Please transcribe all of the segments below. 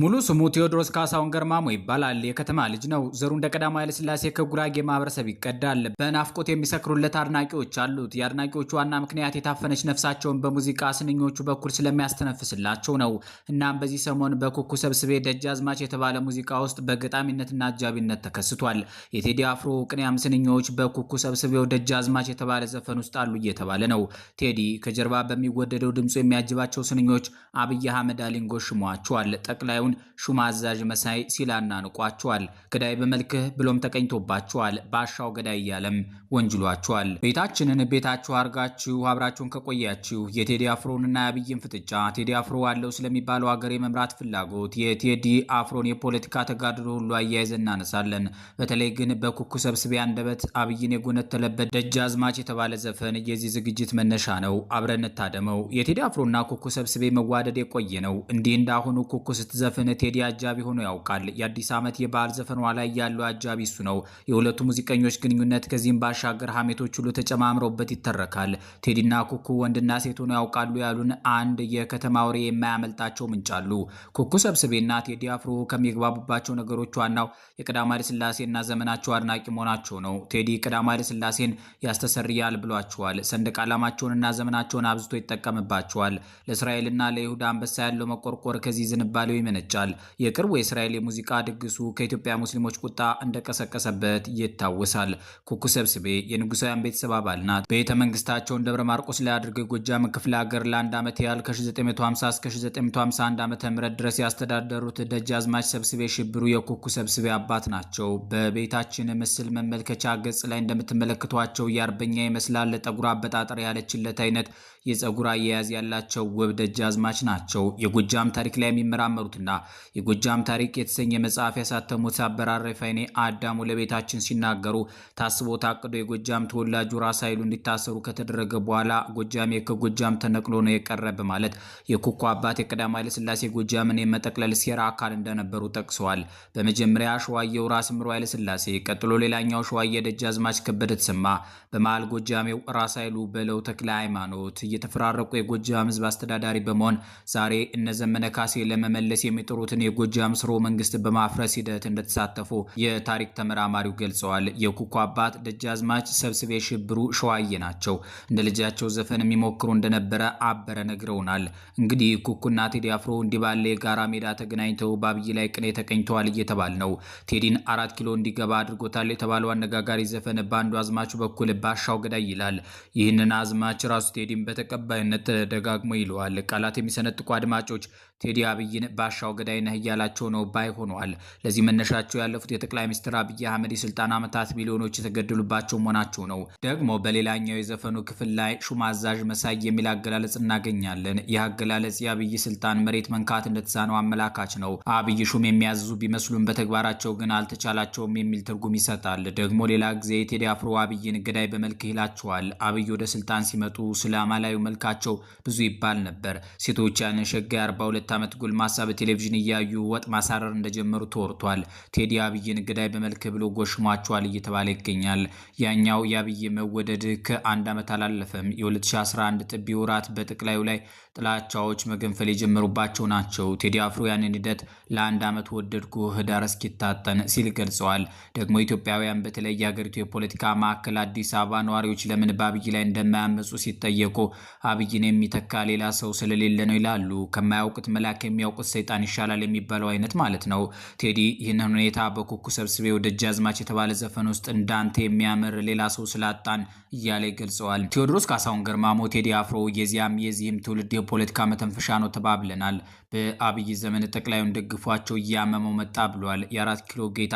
ሙሉ ስሙ ቴዎድሮስ ካሳሁን ገርማሞ ይባላል። የከተማ ልጅ ነው። ዘሩ እንደ ቀዳማዊ ኃይለሥላሴ ከጉራጌ ማህበረሰብ ይቀዳል። በናፍቆት የሚሰክሩለት አድናቂዎች አሉት። የአድናቂዎቹ ዋና ምክንያት የታፈነች ነፍሳቸውን በሙዚቃ ስንኞቹ በኩል ስለሚያስተነፍስላቸው ነው። እናም በዚህ ሰሞን በኩኩ ሰብስቤ ደጃዝማች የተባለ ሙዚቃ ውስጥ በገጣሚነትና አጃቢነት ተከስቷል። የቴዲ አፍሮ ቅንያም ስንኞች በኩኩ ሰብስቤው ደጃዝማች የተባለ ዘፈን ውስጥ አሉ እየተባለ ነው። ቴዲ ከጀርባ በሚወደደው ድምፁ የሚያጅባቸው ስንኞች አብይ አህመድ አሊንጎ ሽሟቸዋል። ጠቅላይ ያለውን ሹም አዛዥ መሳይ ሲላናንቋቸዋል። ገዳይ በመልክህ ብሎም ተቀኝቶባቸዋል። ባሻው ገዳይ እያለም ወንጅሏቸዋል። ቤታችንን ቤታችሁ አርጋችሁ አብራችሁን ከቆያችሁ የቴዲ አፍሮንና የአብይን ፍጥጫ ቴዲ አፍሮ አለው ስለሚባለው ሀገር የመምራት ፍላጎት የቴዲ አፍሮን የፖለቲካ ተጋድሎ ሁሉ አያይዘ እናነሳለን። በተለይ ግን በኩኩ ሰብስቢያ አንደበት አብይን የጎነተለበት አዝማች የተባለ ዘፈን የዚህ ዝግጅት መነሻ ነው። አብረን እንታደመው። የቴዲ አፍሮና ኩኩ ሰብስቤ መዋደድ የቆየ ነው። እንዲህ እንዳሁኑ ኩኩ ስትዘፍን ዘፈን ቴዲ አጃቢ ሆኖ ያውቃል። የአዲስ ዓመት የበዓል ዘፈኗ ላይ ያለው አጃቢ እሱ ነው። የሁለቱ ሙዚቀኞች ግንኙነት ከዚህም ባሻገር ሀሜቶች ሁሉ ተጨማምረውበት ይተረካል። ቴዲና ኩኩ ወንድና ሴት ሆኖ ያውቃሉ ያሉን አንድ የከተማ ወሬ የማያመልጣቸው ምንጭ አሉ። ኩኩ ሰብስቤና ቴዲ አፍሮ ከሚግባቡባቸው ነገሮች ዋናው የቀዳማዊ ኃይለ ዘመናቸው አድናቂ መሆናቸው ነው። ቴዲ ቀዳማዊ ኃይለ ያስተሰርያል ብሏቸዋል። ሰንደቅ ዓላማቸውንና ዘመናቸውን አብዝቶ ይጠቀምባቸዋል። ለእስራኤልና ለይሁዳ አንበሳ ያለው መቆርቆር ከዚህ ዝንባሌው ይመነ ይመነጫል። የቅርቡ የእስራኤል የሙዚቃ ድግሱ ከኢትዮጵያ ሙስሊሞች ቁጣ እንደቀሰቀሰበት ይታወሳል። ኩኩ ሰብስቤ የንጉሳውያን ቤተሰብ አባል ናት። ቤተ መንግስታቸውን ደብረ ማርቆስ ላይ አድርገው የጎጃም ክፍለ ሀገር ለአንድ ዓመት ያህል ከ950 እስከ 951 ዓ ም ድረስ ያስተዳደሩት ደጃዝማች ሰብስቤ ሽብሩ የኩኩ ሰብስቤ አባት ናቸው። በቤታችን ምስል መመልከቻ ገጽ ላይ እንደምትመለከቷቸው የአርበኛ ይመስላል ለጠጉር አበጣጠር ያለችለት አይነት የጸጉር አያያዝ ያላቸው ውብ ደጃዝማች ናቸው። የጎጃም ታሪክ ላይ የሚመራመሩትና እና የጎጃም ታሪክ የተሰኘ መጽሐፍ ያሳተሙት አበራር ሪፋይኔ አዳሙ ለቤታችን ሲናገሩ ታስቦ ታቅዶ የጎጃም ተወላጁ ራስ ኃይሉ እንዲታሰሩ ከተደረገ በኋላ ጎጃሜ ከጎጃም ተነቅሎ ነው የቀረ በማለት የኩኮ አባት የቀዳማዊ ኃይለሥላሴ ጎጃምን የመጠቅለል ሴራ አካል እንደነበሩ ጠቅሰዋል። በመጀመሪያ ሸዋየው ራስ ምሮ ኃይለሥላሴ፣ ቀጥሎ ሌላኛው ሸዋየ ደጃዝማች ከበደ ተሰማ፣ በመሃል ጎጃሜው ራስ ኃይሉ በለው ተክለ ሃይማኖት እየተፈራረቁ የጎጃም ህዝብ አስተዳዳሪ በመሆን ዛሬ እነዘመነ ካሴ ለመመለስ የሚ የሚጥሩትን የጎጃም ስርወ መንግስት በማፍረስ ሂደት እንደተሳተፉ የታሪክ ተመራማሪው ገልጸዋል። የኩኩ አባት ደጃዝማች ሰብስቤ ሽብሩ ሸዋዬ ናቸው። እንደ ልጃቸው ዘፈን የሚሞክሩ እንደነበረ አበረ ነግረውናል። እንግዲህ ኩኩና ቴዲ አፍሮ እንዲህ ባለ የጋራ ሜዳ ተገናኝተው በአብይ ላይ ቅኔ ተቀኝተዋል እየተባል ነው። ቴዲን አራት ኪሎ እንዲገባ አድርጎታል የተባለው አነጋጋሪ ዘፈን በአንዱ አዝማቹ በኩል ባሻው ገዳይ ይላል። ይህንን አዝማች ራሱ ቴዲን በተቀባይነት ተደጋግሞ ይለዋል። ቃላት የሚሰነጥቁ አድማጮች ቴዲ አብይን ባሻው ገዳይ ነህ እያላቸው ነው ባይ ሆኗል። ለዚህ መነሻቸው ያለፉት የጠቅላይ ሚኒስትር አብይ አህመድ የስልጣን ዓመታት ሚሊዮኖች የተገደሉባቸው መሆናቸው ነው። ደግሞ በሌላኛው የዘፈኑ ክፍል ላይ ሹም አዛዥ መሳይ የሚል አገላለጽ እናገኛለን። ይህ አገላለጽ የአብይ ስልጣን መሬት መንካት እንደተሳነው አመላካች ነው። አብይ ሹም የሚያዝዙ ቢመስሉም በተግባራቸው ግን አልተቻላቸውም የሚል ትርጉም ይሰጣል። ደግሞ ሌላ ጊዜ ቴዲ አፍሮ አብይን ገዳይ በመልክ ይላቸዋል። አብይ ወደ ስልጣን ሲመጡ ስለ አማላዩ መልካቸው ብዙ ይባል ነበር። ሴቶች ያንን ሸጋ 42 የሁለት ዓመት ጎልማሳ በቴሌቪዥን እያዩ ወጥ ማሳረር እንደጀመሩ ተወርቷል። ቴዲ አብይን ገዳይ በመልክ ብሎ ጎሽሟቸዋል እየተባለ ይገኛል። ያኛው የአብይ መወደድ ከአንድ ዓመት አላለፈም። የ2011 ጥቢ ወራት በጠቅላዩ ላይ ጥላቻዎች መገንፈል የጀመሩባቸው ናቸው። ቴዲ አፍሮ ያንን ሂደት ለአንድ ዓመት ወደድኩ ህዳር እስኪታጠን ሲል ገልጸዋል። ደግሞ ኢትዮጵያውያን በተለይ የሀገሪቱ የፖለቲካ ማዕከል አዲስ አበባ ነዋሪዎች ለምን በአብይ ላይ እንደማያመፁ ሲጠየቁ አብይን የሚተካ ሌላ ሰው ስለሌለ ነው ይላሉ። ከማያውቁት መላክ የሚያውቁት ሰይጣን ይሻላል የሚባለው አይነት ማለት ነው። ቴዲ ይህንን ሁኔታ በኩኩ ወደ ጃዝማች የተባለ ዘፈን ውስጥ እንዳንተ የሚያምር ሌላ ሰው ስላጣን እያለ ይገልጸዋል። ቴዎድሮስ ካሳሁን ገርማሞ ቴዲ አፍሮ የዚያም የዚህም ትውልድ የፖለቲካ መተንፈሻ ነው ተባብለናል። በአብይ ዘመን ጠቅላዩን ደግፏቸው እያመመው መጣ ብሏል። የአራት ኪሎ ጌታ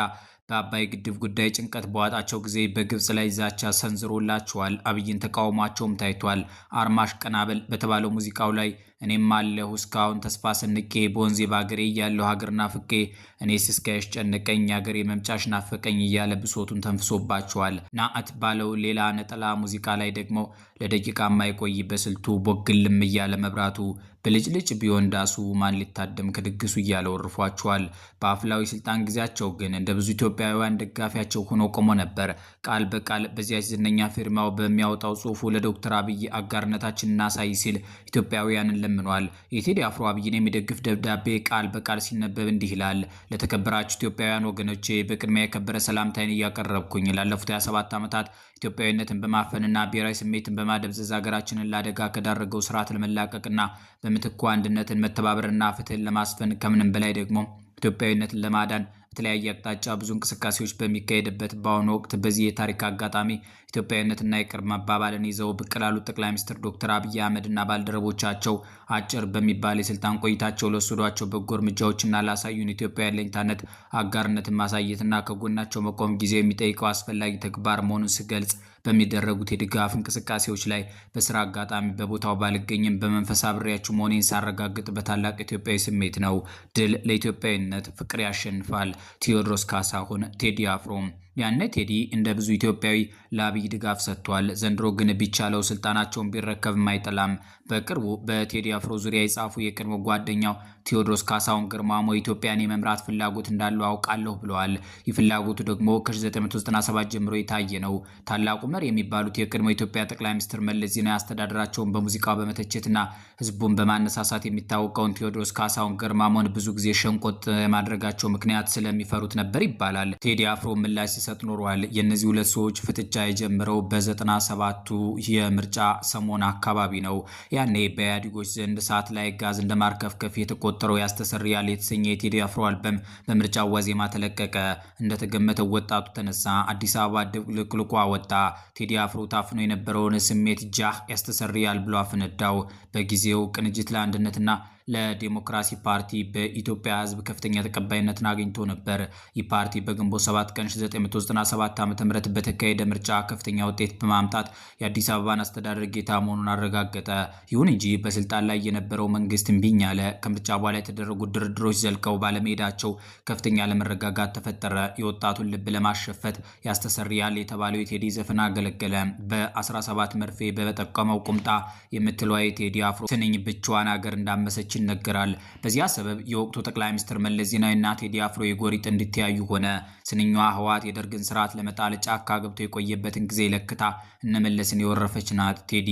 በአባይ ግድብ ጉዳይ ጭንቀት በዋጣቸው ጊዜ በግብፅ ላይ ዛቻ ሰንዝሮላቸዋል። አብይን ተቃውሟቸውም ታይቷል። አርማሽ ቀናበል በተባለው ሙዚቃው ላይ እኔም አለሁ እስካሁን ተስፋ ስንቄ በወንዜ ባገሬ እያለሁ ሀገር ናፍቄ እኔስ እስከ ያስጨነቀኝ ሀገሬ የመምጫሽ ናፈቀኝ እያለ ብሶቱን ተንፍሶባቸዋል። ናአት ባለው ሌላ ነጠላ ሙዚቃ ላይ ደግሞ ለደቂቃ የማይቆይ በስልቱ ቦግልም እያለ መብራቱ ብልጭልጭ ቢሆን ዳሱ ማን ሊታደም ከድግሱ እያለ ወርፏቸዋል። በአፍላዊ ስልጣን ጊዜያቸው ግን እንደ ብዙ ኢትዮጵያውያን ደጋፊያቸው ሆኖ ቆሞ ነበር። ቃል በቃል በዚያ ዝነኛ ፊርማው በሚያወጣው ጽሁፉ ለዶክተር አብይ አጋርነታችን እናሳይ ሲል ኢትዮጵያውያንን ለምኗል። የቴዲ አፍሮ አብይን የሚደግፍ ደብዳቤ ቃል በቃል ሲነበብ እንዲህ ይላል። ለተከበራችሁ ኢትዮጵያውያን ወገኖቼ በቅድሚያ የከበረ ሰላምታይን እያቀረብኩኝ ላለፉት 27 ዓመታት ኢትዮጵያዊነትን በማፈንና ብሔራዊ ስሜትን በማደብዘዝ ሀገራችንን ለአደጋ ከዳረገው ስርዓት ለመላቀቅና በምትኩ አንድነትን መተባበርና ፍትህን ለማስፈን ከምንም በላይ ደግሞ ኢትዮጵያዊነትን ለማዳን የተለያየ አቅጣጫ ብዙ እንቅስቃሴዎች በሚካሄድበት በአሁኑ ወቅት በዚህ የታሪክ አጋጣሚ ኢትዮጵያዊነትና የቅርብ መባባልን ይዘው ብቅ ላሉት ጠቅላይ ሚኒስትር ዶክተር አብይ አህመድና ባልደረቦቻቸው አጭር በሚባል የስልጣን ቆይታቸው ለወሰዷቸው በጎ እርምጃዎችና ላሳዩን ኢትዮጵያ ያለኝታነት አጋርነትን ማሳየትና ከጎናቸው መቆም ጊዜ የሚጠይቀው አስፈላጊ ተግባር መሆኑን ስገልጽ በሚደረጉት የድጋፍ እንቅስቃሴዎች ላይ በስራ አጋጣሚ በቦታው ባልገኝም በመንፈስ አብሬያችሁ መሆኔን ሳረጋግጥ በታላቅ ኢትዮጵያዊ ስሜት ነው። ድል ለኢትዮጵያዊነት፣ ፍቅር ያሸንፋል። ቴዎድሮስ ካሳሁን ቴዲ አፍሮም ያነ ቴዲ እንደ ብዙ ኢትዮጵያዊ ለአብይ ድጋፍ ሰጥቷል። ዘንድሮ ግን ቢቻለው ስልጣናቸውን ቢረከብም አይጠላም። በቅርቡ በቴዲ አፍሮ ዙሪያ የጻፉ የቅርብ ጓደኛው ቴዎድሮስ ካሳሁን ግርማሞ ኢትዮጵያን የመምራት ፍላጎት እንዳለው አውቃለሁ ብለዋል። ይህ ፍላጎቱ ደግሞ ከ1997 ጀምሮ የታየ ነው። ታላቁ መሪ የሚባሉት የቅድሞ ኢትዮጵያ ጠቅላይ ሚኒስትር መለስ ዜናዊ አስተዳደራቸውን በሙዚቃ በመተቸትና ህዝቡን በማነሳሳት የሚታወቀውን ቴዎድሮስ ካሳሁን ግርማሞን ብዙ ጊዜ ሸንቆጥ የማድረጋቸው ምክንያት ስለሚፈሩት ነበር ይባላል። ቴዲ አፍሮ ምላሽ ሲሰጥ ኖሯል። የእነዚህ ሁለት ሰዎች ፍጥጫ የጀመረው በዘጠና ሰባቱ የምርጫ ሰሞን አካባቢ ነው። ያኔ በኢህአዴጎች ዘንድ እሳት ላይ ጋዝ እንደ ማርከፍከፍ የተቆጠረው ያስተሰርያል የተሰኘ የቴዲ አፍሮ አልበም በምርጫው ዋዜማ ተለቀቀ። እንደተገመተው ወጣቱ ተነሳ፣ አዲስ አበባ ድብልቅልቋ ወጣ። ቴዲ አፍሮ ታፍኖ የነበረውን ስሜት ጃህ ያስተሰርያል ብሎ አፈነዳው። በጊዜው ቅንጅት ለአንድነትና ለዲሞክራሲ ፓርቲ በኢትዮጵያ ሕዝብ ከፍተኛ ተቀባይነትን አግኝቶ ነበር። ይህ ፓርቲ በግንቦት 7 ቀን 1997 ዓ ም በተካሄደ ምርጫ ከፍተኛ ውጤት በማምጣት የአዲስ አበባን አስተዳደር ጌታ መሆኑን አረጋገጠ። ይሁን እንጂ በስልጣን ላይ የነበረው መንግስት እምቢኝ አለ። ከምርጫ በኋላ የተደረጉ ድርድሮች ዘልቀው ባለመሄዳቸው ከፍተኛ ለመረጋጋት ተፈጠረ። የወጣቱን ልብ ለማሸፈት ያስተሰርያል የተባለው የቴዲ ዘፈን አገለገለ። በ17 መርፌ በጠቀመው ቁምጣ የምትለዋ የቴዲ አፍሮ ትንኝ ብቻዋን ሀገር እንዳመሰች ይነገራል። በዚያ ሰበብ የወቅቱ ጠቅላይ ሚኒስትር መለስ ዜናዊና ቴዲ አፍሮ የጎሪጥ እንዲተያዩ ሆነ። ስንኛዋ ህወሓት የደርግን ስርዓት ለመጣል ጫካ ገብቶ የቆየበትን ጊዜ ለክታ እነመለስን የወረፈች ናት። ቴዲ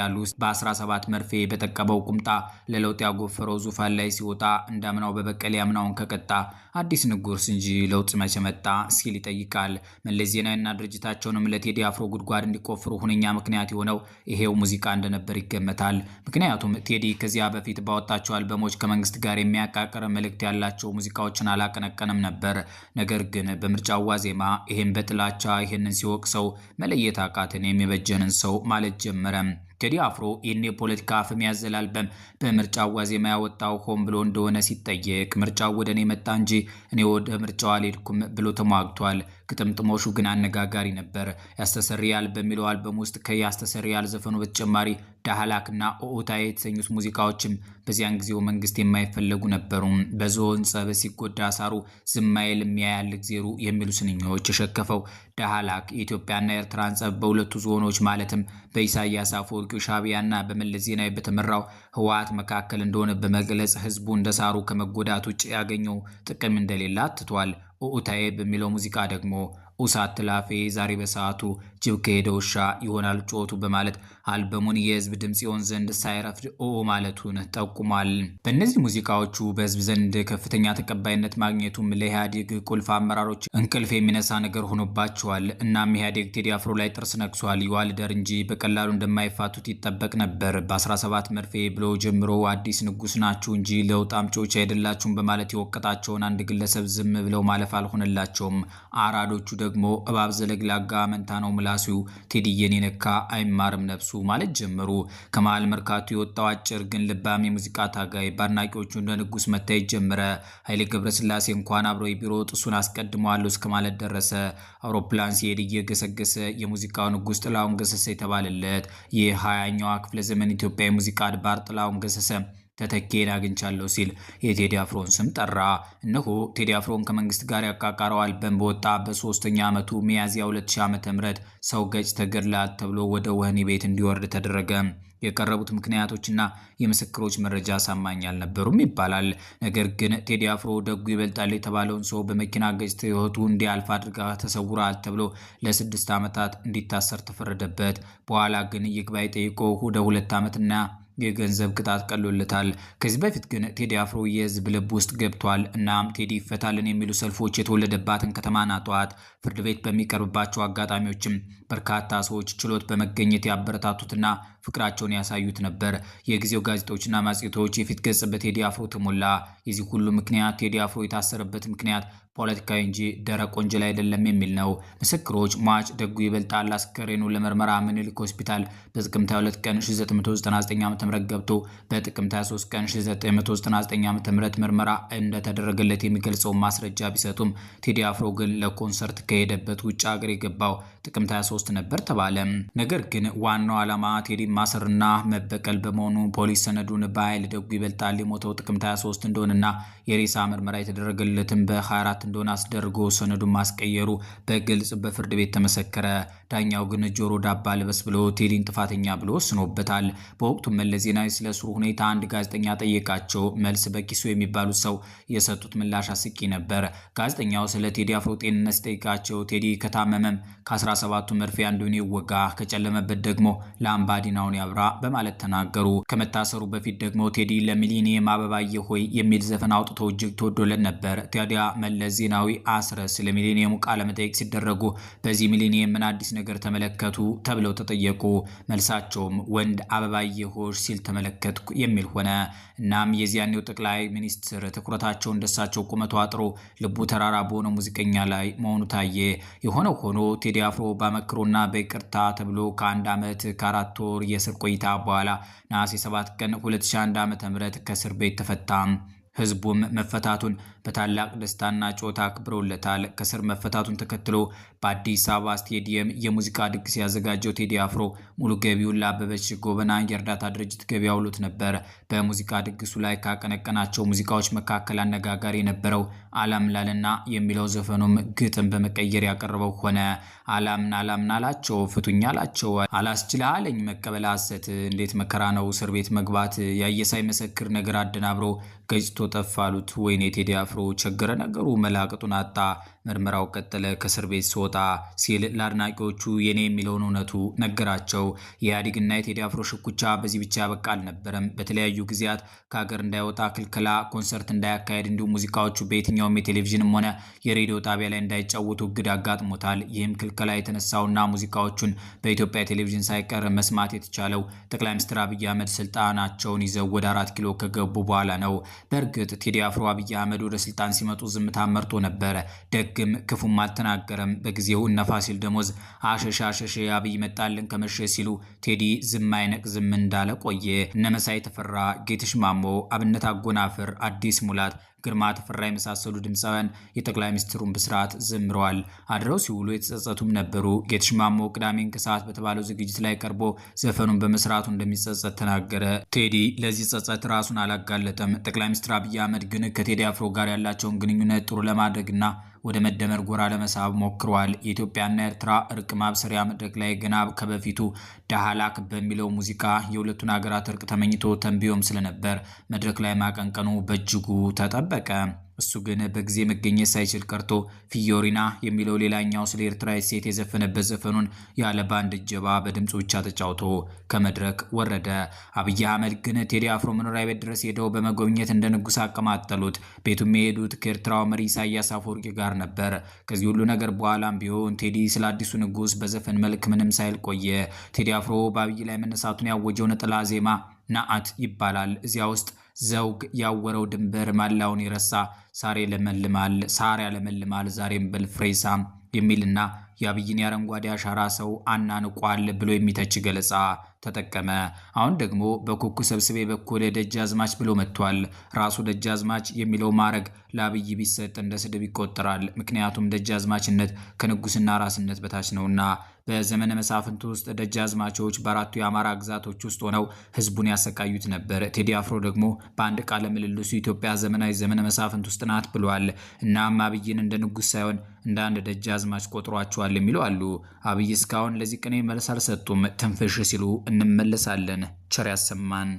ያሉ ውስጥ በ17 መርፌ በጠቀበው ቁምጣ ለለውጥ ያጎፈረው ዙፋን ላይ ሲወጣ እንዳምናው በበቀል ያምናውን ከቀጣ አዲስ ንጉርስ እንጂ ለውጥ መቼ መጣ ሲል ይጠይቃል። መለስ ዜናዊና ድርጅታቸውንም ለቴዲ አፍሮ ጉድጓድ እንዲቆፍሩ ሁነኛ ምክንያት የሆነው ይሄው ሙዚቃ እንደነበር ይገመታል። ምክንያቱም ቴዲ ከዚያ በፊት ባወጣቸው አልበሞች ከመንግስት ጋር የሚያቃቅር መልእክት ያላቸው ሙዚቃዎችን አላቀነቀንም ነበር። ነገር ግን በምርጫው ዋዜማ ይህን በጥላቻ ይህንን ሲወቅሰው መለየት አቃትን የሚበጀንን ሰው ማለት ጀመረም። ቴዲ አፍሮ ይህን የፖለቲካ አፍም ያዘላልበም በምርጫው ዋዜማ ያወጣው ሆን ብሎ እንደሆነ ሲጠየቅ ምርጫው ወደ እኔ መጣ እንጂ እኔ ወደ ምርጫው አልሄድኩም ብሎ ተሟግቷል። ግጥምጥሞሹ ግን አነጋጋሪ ነበር። ያስተሰርያል በሚለው አልበም ውስጥ ከያስተሰርያል ዘፈኑ በተጨማሪ ዳህላክና ኦታ የተሰኙት ሙዚቃዎችም በዚያን ጊዜው መንግስት የማይፈለጉ ነበሩ። በዞን ጸበ ሲጎዳ ሳሩ ዝማይል የሚያያል እግዜሩ የሚሉ ስንኞች የሸከፈው ዳህላክ የኢትዮጵያና ኤርትራን ጸብ በሁለቱ ዞኖች ማለትም በኢሳያስ አፈወርቂ በአንቂው ሻዕቢያና በመለስ ዜናዊ በተመራው ህወሓት መካከል እንደሆነ በመግለጽ ህዝቡ እንደ ሳሩ ከመጎዳት ውጭ ያገኘው ጥቅም እንደሌለ አትቷል። ኡኡታዬ በሚለው ሙዚቃ ደግሞ ኡሳት ትላፌ ዛሬ በሰዓቱ ጅብ ከሄደ ውሻ ይሆናል ጮቱ በማለት አልበሙን የህዝብ ድምፅ ይሆን ዘንድ ሳይረፍድ ኦ ማለቱን ጠቁሟል። በእነዚህ ሙዚቃዎቹ በህዝብ ዘንድ ከፍተኛ ተቀባይነት ማግኘቱም ለኢህአዴግ ቁልፍ አመራሮች እንቅልፍ የሚነሳ ነገር ሆኖባቸዋል። እናም ኢህአዴግ ቴዲ አፍሮ ላይ ጥርስ ነክሷል። ይዋልደር እንጂ በቀላሉ እንደማይፋቱት ይጠበቅ ነበር። በ17 መርፌ ብሎ ጀምሮ አዲስ ንጉስ ናችሁ እንጂ ለውጥ አምጪዎች አይደላችሁም በማለት የወቀጣቸውን አንድ ግለሰብ ዝም ብለው ማለፍ አልሆነላቸውም። አራዶቹ ደግሞ እባብ ዘለግላጋ መንታ ነው ምላሱ ቴዲየን የነካ አይማርም ነብሱ ማለት ጀመሩ። ከመሃል መርካቶ የወጣው አጭር ግን ልባም የሙዚቃ ታጋይ በአድናቂዎቹ እንደ ንጉስ መታየት ጀመረ። ኃይሌ ገብረስላሴ እንኳን አብሮ የቢሮ ጥሱን አስቀድመዋለሁ እስከ ማለት ደረሰ። አውሮፕላን ሲሄድ እየገሰገሰ የሙዚቃው ንጉስ ጥላሁን ገሰሰ የተባለለት የሃያኛዋ ክፍለ ዘመን ኢትዮጵያ የሙዚቃ አድባር ጥላሁን ገሰሰ ተተኬን አግኝቻለሁ ሲል የቴዲ አፍሮን ስም ጠራ። እነሆ ቴዲ አፍሮን ከመንግስት ጋር ያቃቃረው አልበም በወጣ በሶስተኛ ዓመቱ ሚያዝያ 2000 ም ሰው ገጭ ተገድሏል ተብሎ ወደ ወህኒ ቤት እንዲወርድ ተደረገ። የቀረቡት ምክንያቶችና የምስክሮች መረጃ አሳማኝ አልነበሩም ይባላል። ነገር ግን ቴዲ አፍሮ ደጉ ይበልጣል የተባለውን ሰው በመኪና ገጭታ ሕይወቱ እንዲያልፍ አድርጋ ተሰውራል ተብሎ ለስድስት ዓመታት እንዲታሰር ተፈረደበት። በኋላ ግን ይግባኝ ጠይቆ ወደ ሁለት ዓመትና የገንዘብ ቅጣት ቀሎለታል። ከዚህ በፊት ግን ቴዲ አፍሮ የህዝብ ልብ ውስጥ ገብቷል። እናም ቴዲ ይፈታልን የሚሉ ሰልፎች የተወለደባትን ከተማ ናጠዋት። ፍርድ ቤት በሚቀርብባቸው አጋጣሚዎችም በርካታ ሰዎች ችሎት በመገኘት ያበረታቱትና ፍቅራቸውን ያሳዩት ነበር። የጊዜው ጋዜጦችና መጽሔቶች የፊት ገጽ በቴዲ አፍሮ ተሞላ። የዚህ ሁሉ ምክንያት ቴዲ አፍሮ የታሰረበት ምክንያት ፖለቲካዊ እንጂ ደረቅ ወንጀል አይደለም የሚል ነው። ምስክሮች ሟች ደጉ ይበልጣል አስከሬኑ ለምርመራ ምኒልክ ሆስፒታል በጥቅምት 22 ቀን 1999 ም ገብቶ በጥቅምት 23 ቀን 1999 ም ምርመራ እንደተደረገለት የሚገልጸው ማስረጃ ቢሰጡም ቴዲ አፍሮ ግን ለኮንሰርት ከሄደበት ውጭ ሀገር የገባው ጥቅምት 23 ነበር ተባለ። ነገር ግን ዋናው ዓላማ ቴዲ ማሰርና መበቀል በመሆኑ ፖሊስ ሰነዱን በኃይል ደጉ ይበልጣል የሞተው ጥቅምት 23 እንደሆነና የሬሳ ምርመራ የተደረገለትን በ24 እንደሆነ አስደርጎ ሰነዱን ማስቀየሩ በግልጽ በፍርድ ቤት ተመሰከረ። ዳኛው ግን ጆሮ ዳባ ልበስ ብሎ ቴዲን ጥፋተኛ ብሎ ወስኖበታል። በወቅቱ መለስ ዜናዊ ስለ እስሩ ሁኔታ አንድ ጋዜጠኛ ጠየቃቸው። መልስ በኪሱ የሚባሉት ሰው የሰጡት ምላሽ አስቂ ነበር። ጋዜጠኛው ስለ ቴዲ አፍሮ ጤንነት ሲጠይቃቸው ቴዲ ከታመመም ከ17ቱ መርፌ አንዱን ይወጋ፣ ከጨለመበት ደግሞ ላምባዲናውን ያብራ በማለት ተናገሩ። ከመታሰሩ በፊት ደግሞ ቴዲ ለሚሊኒየም አበባዬ ሆይ የሚል ዘፈን አውጥቶ እጅግ ተወዶለን ነበር። ታዲያ መለስ ዜናዊ አስረ ስለ ሚሌኒየሙ ቃለ መጠይቅ ሲደረጉ በዚህ ሚሌኒየም ምን አዲስ ነገር ተመለከቱ ተብለው ተጠየቁ። መልሳቸውም ወንድ አበባ ሆሽ ሲል ተመለከትኩ የሚል ሆነ። እናም የዚያኔው ጠቅላይ ሚኒስትር ትኩረታቸውን ደሳቸው ቁመቱ አጥሮ ልቡ ተራራ በሆነው ሙዚቀኛ ላይ መሆኑ ታየ። የሆነው ሆኖ ቴዲ አፍሮ በመክሮና በይቅርታ ተብሎ ከአንድ ዓመት ከአራት ወር የእስር ቆይታ በኋላ ነሐሴ 7 ቀን 2001 ም ከእስር ቤት ተፈታ። ህዝቡም መፈታቱን በታላቅ ደስታና ጮታ አክብረውለታል። ከስር መፈታቱን ተከትሎ በአዲስ አበባ ስቴዲየም የሙዚቃ ድግስ ያዘጋጀው ቴዲ አፍሮ ሙሉ ገቢውን ለአበበች ጎበና የእርዳታ ድርጅት ገቢ አውሎት ነበር። በሙዚቃ ድግሱ ላይ ካቀነቀናቸው ሙዚቃዎች መካከል አነጋጋሪ የነበረው አላምናልና የሚለው ዘፈኑም ግጥም በመቀየር ያቀረበው ሆነ። አላምን አላምን አላቸው ፍቱኝ አላቸው አላስችል መቀበል ሐሰት እንዴት መከራ ነው እስር ቤት መግባት ያየሳይ መሰክር ነገር አደናብሮ ገጭቶ ጠፋሉት ወይኔ ቴዲ አፍሮ አፍሮ ችግረ ነገሩ መላቅጡን አጣ። ምርመራው ቀጠለ። ከእስር ቤት ስወጣ ሲል ለአድናቂዎቹ የኔ የሚለውን እውነቱ ነገራቸው። የኢህአዴግና የቴዲ አፍሮ ሽኩቻ በዚህ ብቻ ያበቃ አልነበረም። በተለያዩ ጊዜያት ከሀገር እንዳይወጣ ክልከላ፣ ኮንሰርት እንዳያካሄድ፣ እንዲሁም ሙዚቃዎቹ በየትኛውም የቴሌቪዥንም ሆነ የሬዲዮ ጣቢያ ላይ እንዳይጫወቱ እግድ አጋጥሞታል። ይህም ክልከላ የተነሳውና ሙዚቃዎቹን በኢትዮጵያ ቴሌቪዥን ሳይቀር መስማት የተቻለው ጠቅላይ ሚኒስትር አብይ አህመድ ስልጣናቸውን ይዘው ወደ አራት ኪሎ ከገቡ በኋላ ነው። በእርግጥ ቴዲ አፍሮ አብይ አህመድ ወደ ስልጣን ሲመጡ ዝምታ መርጦ ነበረ። ደግም ክፉም አልተናገረም። በጊዜው እነ ፋሲል ደሞዝ አሸሽ አሸሸ አብይ መጣልን ከመሸ ሲሉ ቴዲ ዝም አይነቅ ዝም እንዳለ ቆየ። እነ መሳይ ተፈራ፣ ጌትሽ ማሞ፣ አብነት አጎናፍር፣ አዲስ ሙላት ግርማ ተፈራ የመሳሰሉ ድምፃውያን የጠቅላይ ሚኒስትሩን ብስራት ዘምረዋል። አድረው ሲውሉ የተጸጸቱም ነበሩ። ጌትሽ ማሞ ቅዳሜን ከሰዓት በተባለው ዝግጅት ላይ ቀርቦ ዘፈኑን በመስራቱ እንደሚጸጸት ተናገረ። ቴዲ ለዚህ ጸጸት ራሱን አላጋለጠም። ጠቅላይ ሚኒስትር አብይ አህመድ ግን ከቴዲ አፍሮ ጋር ያላቸውን ግንኙነት ጥሩ ለማድረግና ወደ መደመር ጎራ ለመሳብ ሞክረዋል። የኢትዮጵያና ኤርትራ እርቅ ማብሰሪያ መድረክ ላይ ገና ከበፊቱ ዳህላክ በሚለው ሙዚቃ የሁለቱን ሀገራት እርቅ ተመኝቶ ተንብዮም ስለነበር መድረክ ላይ ማቀንቀኑ በእጅጉ ተጠበቀ። እሱ ግን በጊዜ መገኘት ሳይችል ቀርቶ ፊዮሪና የሚለው ሌላኛው ስለ ኤርትራ ሴት የዘፈነበት ዘፈኑን ያለ ባንድ እጀባ በድምፁ ብቻ ተጫውቶ ከመድረክ ወረደ። አብይ አህመድ ግን ቴዲ አፍሮ መኖሪያ ቤት ድረስ ሄደው በመጎብኘት እንደ ንጉሥ አቀማጠሉት። ቤቱ የሄዱት ከኤርትራው መሪ ኢሳያስ አፈወርቂ ጋር ነበር። ከዚህ ሁሉ ነገር በኋላም ቢሆን ቴዲ ስለ አዲሱ ንጉሥ በዘፈን መልክ ምንም ሳይል ቆየ። ቴዲ አፍሮ በአብይ ላይ መነሳቱን ያወጀው ነጠላ ዜማ ናአት ይባላል። እዚያ ውስጥ ዘውግ ያወረው ድንበር ማላውን ይረሳ ሳር ያለመልማል ዛሬም በልፍሬሳ የሚልና የአብይን የአረንጓዴ አሻራ ሰው አናንቋል ብሎ የሚተች ገለጻ ተጠቀመ። አሁን ደግሞ በኩኩ ሰብስቤ በኩል ደጃዝማች ብሎ መጥቷል። ራሱ ደጃዝማች የሚለው ማዕረግ ለአብይ ቢሰጥ እንደ ስድብ ይቆጠራል። ምክንያቱም ደጃዝማችነት ከንጉስና ራስነት በታች ነውና። በዘመነ መሳፍንት ውስጥ ደጃዝማቾች በአራቱ የአማራ ግዛቶች ውስጥ ሆነው ህዝቡን ያሰቃዩት ነበር። ቴዲ አፍሮ ደግሞ በአንድ ቃለ ምልልሱ ኢትዮጵያ ዘመናዊ ዘመነ መሳፍንት ውስጥ ናት ብሏል። እናም አብይን እንደ ንጉስ ሳይሆን እንደ አንድ ደጃዝማች ቆጥሯቸዋል። ተገኝተዋል የሚሉ አሉ። አብይ እስካሁን ለዚህ ቅኔ መልስ አልሰጡም። ትንፍሽ ሲሉ እንመለሳለን። ቸር ያሰማን።